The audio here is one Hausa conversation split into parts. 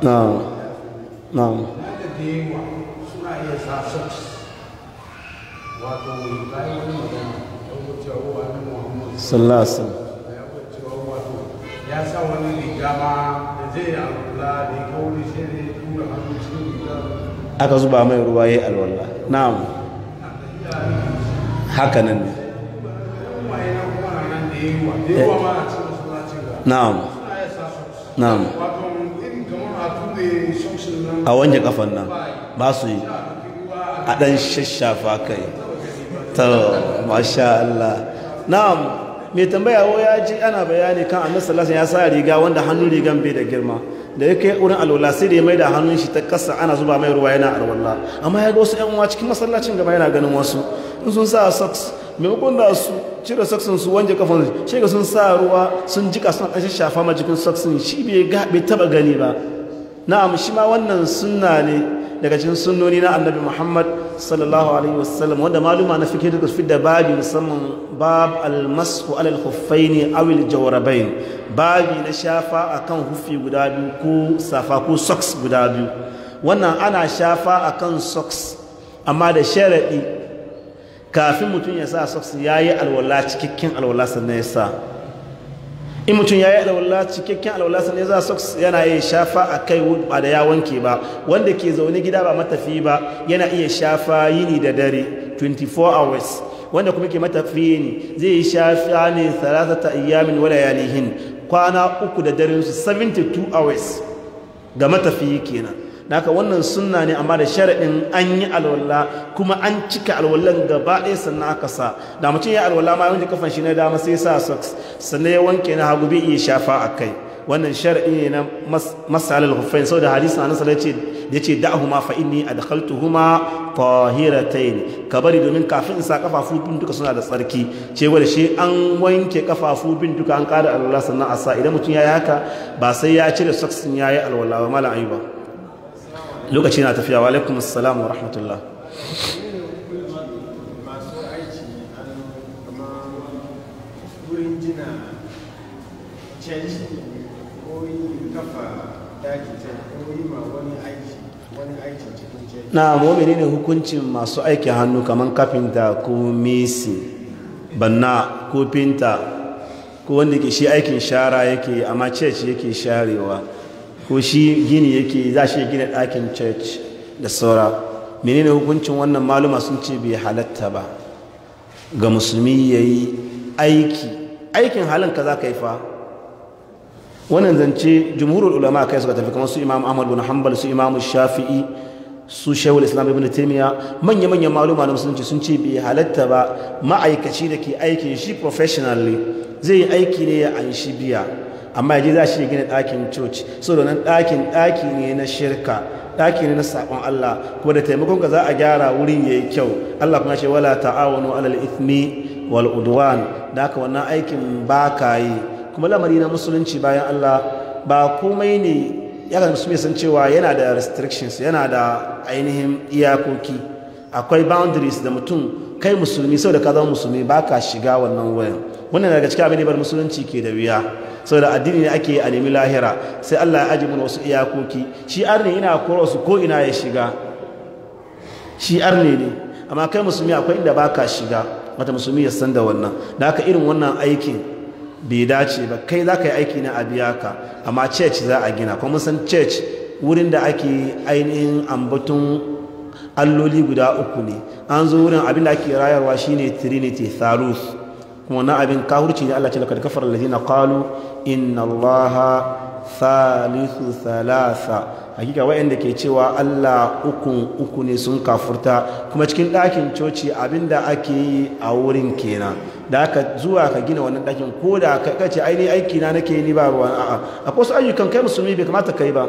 na'am na'am iya sa wato wani aka zuba mai ruwa ya alwala na'am haka nan ne na'am na'am a wanke kafan nan ba su yi a dan shashafa kai ta masha Allah na'am mai tambaya wo ya ji ana bayani kan annabi sallallahu ya sa riga wanda hannun rigan bai da girma da ya kai wurin alwala sai da ya mai da hannun shi ta kasa ana zuba mai ruwa yana alwala amma ya ga wasu yan uwa cikin masallacin gaba yana ganin wasu sun sa socks maimakon da su cire saksin su wanje kafan su shi ga sun sa ruwa sun jika suna ɗan shafa ma jikin saksin shi bai taba gani ba na'am shi ma wannan sunna ne daga cikin sunnoni na annabi muhammad sallallahu alaihi wasallam wanda maluma na fike da fi da babi musamman bab almasu alal ne awil jawrabain babi na shafa akan hufi guda biyu ko safa ko socks guda biyu wannan ana shafa akan socks amma da sharaɗi kafin mutum ya sa soks ya yi alwala cikakken alwala sannan ya sa in mutum ya yi alwala cikakken alwala sannan ya sa yana iya shafa a kai ba da ya wanke ba wanda ke zaune gida ba matafi ba yana iya shafa yini da dare 24 hours wanda kuma ke matafi ne zai yi shafa ne ta ayyamin wala yalihin kwana uku da dare su 72 hours ga matafi kenan naka wannan sunna ne amma da sharaɗin an yi alwala kuma an cika alwallan gaba ɗaya sannan aka sa da mutum ya alwala ma yawanci kafan shi na dama sai sa socks sannan ya wanke na hagu bai iya shafa a kai wannan sharaɗi ne na masalar hufain sau da hadisun na da ce da ce da'ahuma fa inni ta yi ka bari domin kafin in sa kafafu bin duka suna da tsarki ce da shi an wanke kafafu bin duka an kada alwala sannan a sa idan mutum ya yi haka ba sai ya cire saksin ya yi alwala ba malam ayuba lokaci na tafiya wa alaikum assalam wa rahmatullah na momini ne hukuncin masu aikin hannu kamar kafinta ko misi banna ko pinta ko wanda ke shi aikin shara yake amma cece yake sharewa ko shi gini yake za shi gina ɗakin church da saura menene hukuncin wannan maluma sun ce bai halatta ba ga musulmi ya yi aiki aikin halin ka za ka yi fa wannan zance jumhurul ulama kai suka tafi kamar su imam ahmad bin hanbal su imam shafi'i su shawul islam ibn taimiyya manya-manyan maluma na musulunci sun ce bai halatta ba ma'aikaci da ke aikin shi professionally zai yi aiki ne ya an shi biya amma yaje za shi gina ɗakin coci so da nan ɗakin ɗaki ne na shirka ɗaki ne na saɓon Allah kuma da taimakon ka za a gyara wurin yayi kyau Allah kuma ce wala ta'awunu alal ithmi wal udwan da haka wannan aikin ba ka yi kuma lamari na musulunci bayan Allah ba komai ne ya ga musulmi san cewa yana da restrictions yana da ainihin iyakoki akwai boundaries da mutum kai musulmi saboda ka zama musulmi ba ka shiga wannan wayan wannan daga cikin abin da bar musulunci ke da wuya saboda addini ne ake a nemi lahira sai Allah ya aji mana wasu iyakoki shi arne yana koro su ko ina ya shiga shi arne ne amma kai musulmi akwai inda baka shiga wata musulmi ya san da wannan da haka irin wannan aikin bai dace ba kai za ka yi aiki na ka. amma church za a gina kuma mun san church wurin da ake ainihin ambaton alloli guda uku ne an zo wurin abin da ake rayarwa shine trinity thalus kuma wannan abin kahurci ne Allah ce kafar lalazi na kalu inna allaha thalithu thalatha hakika wayanda ke cewa Allah ukun uku ne sun kafurta kuma cikin ɗakin coci abinda ake yi a wurin kenan da aka zuwa ka gina wannan ɗakin ko da ka ce aini aiki na nake ni ba ruwan a'a A kwasu ayyukan kai musulmi bai kamata kai ba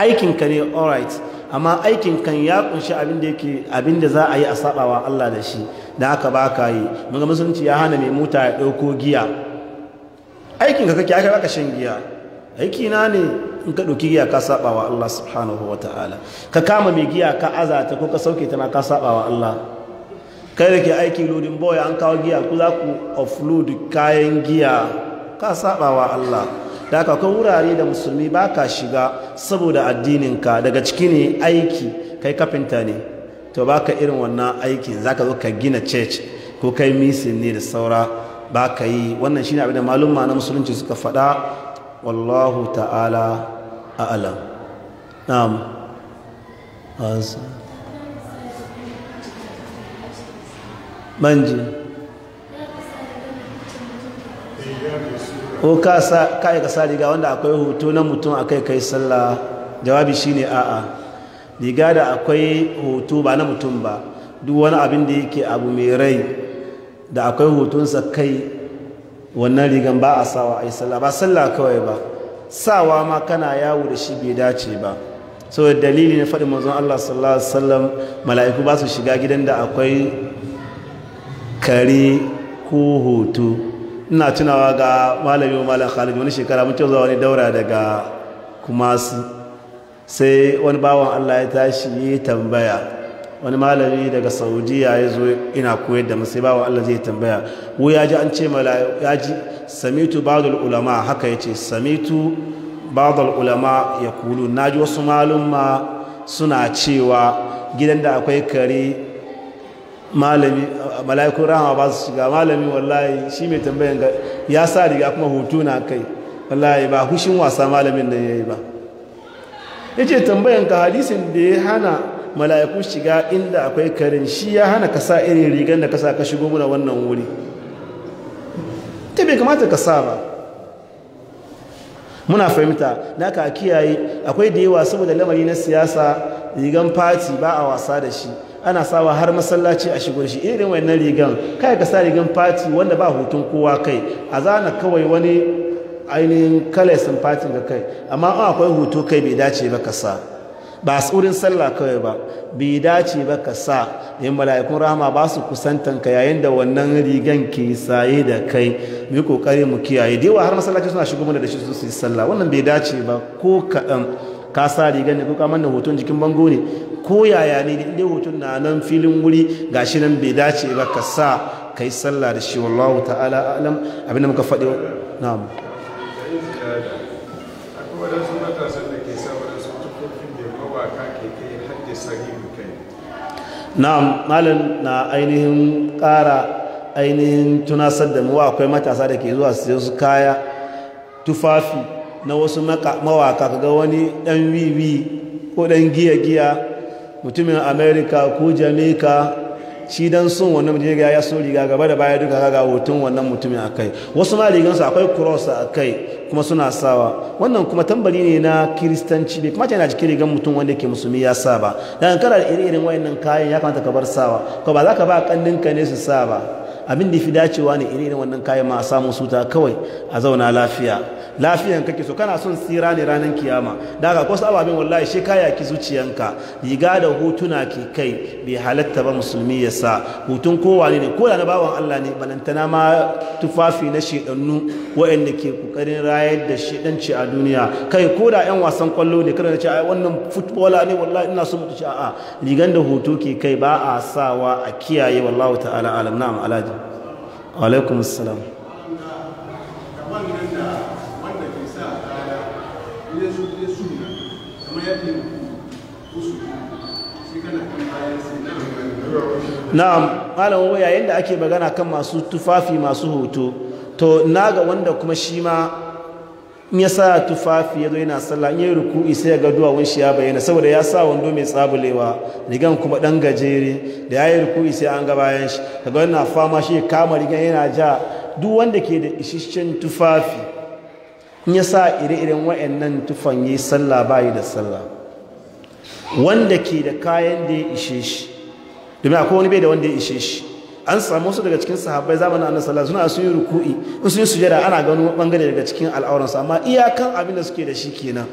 aikin ka ne alright amma aikin kan ya kunshi abin da yake za a yi a sabawa Allah da shi da aka ba ka yi muga musulunci ya hana mai mota ya ɗauko giya aikin ka kake aka baka shan giya Aikina na ne in ka ɗauki giya ka saba wa Allah subhanahu wa ta'ala ka kama mai giya ka azata ko ka sauke tana ka saba wa Allah kai da ke aiki lodin boy an kawo giya ku za ku offload kayan giya ka saba wa Allah da aka akwai wurare da musulmi ba ka shiga saboda addininka daga ciki ne aiki kai kafinta ne to baka irin wannan aikin zaka zo ka gina church ko kai misin ne da saura baka yi wannan shine abin da malumma na musulunci suka faɗa wallahu ta'ala a'lam na'am manji ko ka sa ka riga wanda akwai hoto na mutum akai kai sallah jawabi shine a'a riga da akwai hoto ba na mutum ba duk wani abin da yake abu mai rai da akwai hotonsa kai wannan rigan ba a sawa a yi sallah ba sallah kawai ba sawa ma kana yawo da shi bai dace ba So dalili na faɗin manzon Allah sallallahu alaihi wasallam mala'iku ba su shiga gidan da akwai kare ko hoto ina tunawa ga malami malam Khalid wani shekara mun ce zuwa wani daura daga kumasi sai wani bawan Allah ya tashi ya tambaya wani malami daga saudiya ya zo ina koyar da masai bawan Allah zai tambaya Wu ya ji an ce ya ji samitu ba'dul ulama haka ya ce samitu ba'dul ulama ya kulu na ji wasu malumma suna cewa gidan da akwai kare malami mala'ikun rahama ba su shiga malami wallahi shi mai tambayan ya sa riga kuma hutu na kai wallahi ba hushin wasa malamin nan yayi ba ya ce ka hadisin da ya hana mala'iku shiga inda akwai karin shi ya hana ka sa irin rigan da ka sa ka shigo muna wannan wuri ta bai kamata ka sa ba muna fahimta na ka kiyaye akwai da yawa saboda lamari na siyasa rigan fati ba a wasa da shi ana sawa har masallaci a shigo shi irin wannan rigan kai ka sa rigan fati wanda ba hutun kowa kai a zana kawai wani ainihin kalar fatin ga kai amma an akwai hoto kai bai dace ba ka sa ba wurin sallah kawai ba bai dace ba ka sa yin mala'ikun rahama ba su kusantan ka yayin da wannan rigan ke saye da kai mu yi kokari mu kiyaye da yawa har masallaci suna shigo mana da shi su yi sallah wannan bai dace ba ko kaɗan ka sa rigan ne ko ka manna hoton jikin bango ne ko yaya ne inda hoton na nan filin wuri gashi nan bai dace ba ka sa kai sallah da shi wallahu ta'ala alam abinda muka faɗi na'am na'am malam na ainihin ƙara ainihin tunasar da muwa akwai matasa da ke zuwa su su kaya tufafi na wasu mawaka kaga wani ɗan wiwi ko ɗan giya-giya mutumin america ko jamaica shi dan sun wannan mutum ya so riga gaba da baya duka ga hoton wannan mutumin kai. wasu ma rigansu akwai cross akai kuma suna sawa wannan kuma tambari ne na kiristanci bai kuma yana jikin rigan mutum wanda ke musulmi ya sa ba dan kana da iri-irin wayannan kayan ya kamata ka bar sawa ko ba za ka ba ka ne su sa ba abin da fi dacewa ne iri-irin wannan kayan ma a samu suta kawai a zauna lafiya lafiyan kake so kana son tsira ne ranar kiyama da ga kwasu ababen wallahi shi kaya ki zuciyanka riga da hutuna ke kai bai halatta ba musulmi ya sa hutun kowa ne ko da na bawan Allah ne balantana ma tufafi na shedannu wa'anda ke kokarin rayar da shedanci a duniya kai ko da yan wasan kwallo ne kada na ce ai wannan footballer ne wallahi ina so mutu ce a'a rigan da hoto ke kai ba a sawa a kiyaye wallahu ta'ala alam na'am alaji alaikum assalam sojoji su na kamar yadda ake magana kan masu tufafi masu hoto to na ga wanda kuma shi ma in ya sa tufafi ya zo yana sallah in ya yi ruku'i sai ya ga duwawun shi ya bayyana saboda ya sa wando mai tsabulewa rigan kuma dan gajere da ya yi ruku'i sai an ga bayan shi daga wannan fama shi kama rigan yana ja duk wanda ke da isasshen tufafi ya sa ire-iren wa'annan tufan yi sallah bayi da sallah wanda ke da kayan da ya ishe shi domin akwai wani bai da wanda ya ishe shi an samu wasu daga cikin sahabbai zamanin annan sallallahu suna sun yi ruku'i in sun yi sujada ana gano bangare daga cikin al'auransu amma iyakan abin da suke da shi kenan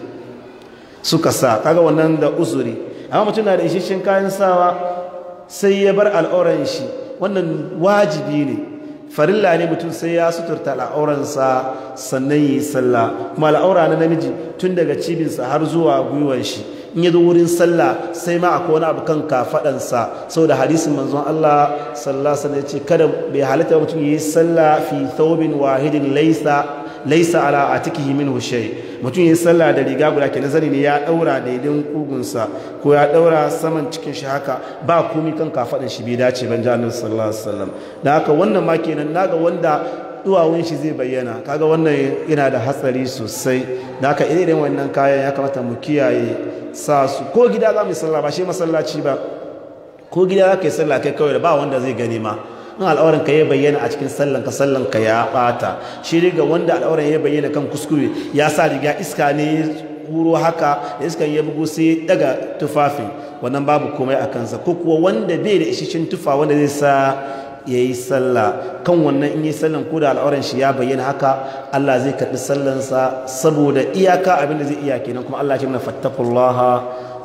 suka sa kaga wannan da uzuri amma mutum na da isheshen kayan sawa sai ya bar al'auran shi wannan wajibi ne farilla ne mutum sai ya suturta al'auransa sannan yi sallah kuma al'aura na namiji tun daga cibinsa har zuwa gwiwan shi in ya wurin sallah sai ma akwai wani abu kan kafadansa saboda hadisin manzon Allah sallallahu sannan ya ce kada bai halatta mutum yi sallah fi thawbin wahidin laysa laysa ala atikihi minhu shay' mutum ya sallah da riga guda ke nazari ne ya daura daidin kugunsa ko ya daura saman cikin shi haka ba komi kan kafaɗin shi bai dace ban jami'in sallallahu alaihi wasallam da haka wannan ma kenan naga wanda duwawun shi zai bayyana kaga wannan yana da hatsari sosai da haka irin wannan kayan ya kamata mu kiyaye sa su ko gida za mu sallah ba shi masallaci ba ko gida za ka yi sallah kai kawai da ba wanda zai gani ma in al'auran ka ya bayyana a cikin sallan ka sallan ka ya bata shi riga wanda al'auran ya bayyana kan kuskure ya sa riga iska ne kuro haka da iskan ya bugu sai daga tufafi. wannan babu komai a kansa ko kuwa wanda bai da isheshen tufa wanda zai sa ya yi sallah kan wannan in yi sallan ko da al'auran shi ya bayyana haka Allah zai karɓi sallansa saboda iyaka abin da zai iya kenan kuma Allah ya ce mana fattakullaha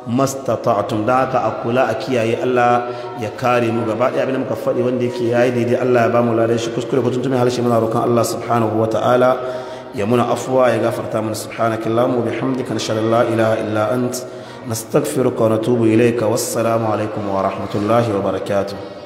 mastata'tum da haka a kula a kiyaye Allah ya kare mu gaba ɗaya abinda muka faɗi wanda yake yayi daidai Allah ya ba mu ladan shi kuskure ko tuntumi harshe muna roƙon Allah subhanahu wata'ala ya muna afuwa ya gafarta mana subhanakallahumma wa bihamdika nashhadu an la ilaha illa ant nastaghfiruka wa natubu ilayka wassalamu alaikum wa rahmatullahi wa barakatuh